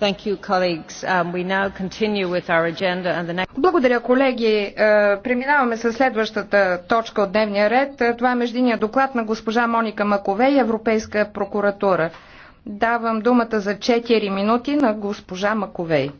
Um, Благодаря, колеги. Е, преминаваме със следващата точка от дневния ред. Е, това е междиния доклад на госпожа Моника Макове и Европейска прокуратура. Давам думата за 4 минути на госпожа Маковей.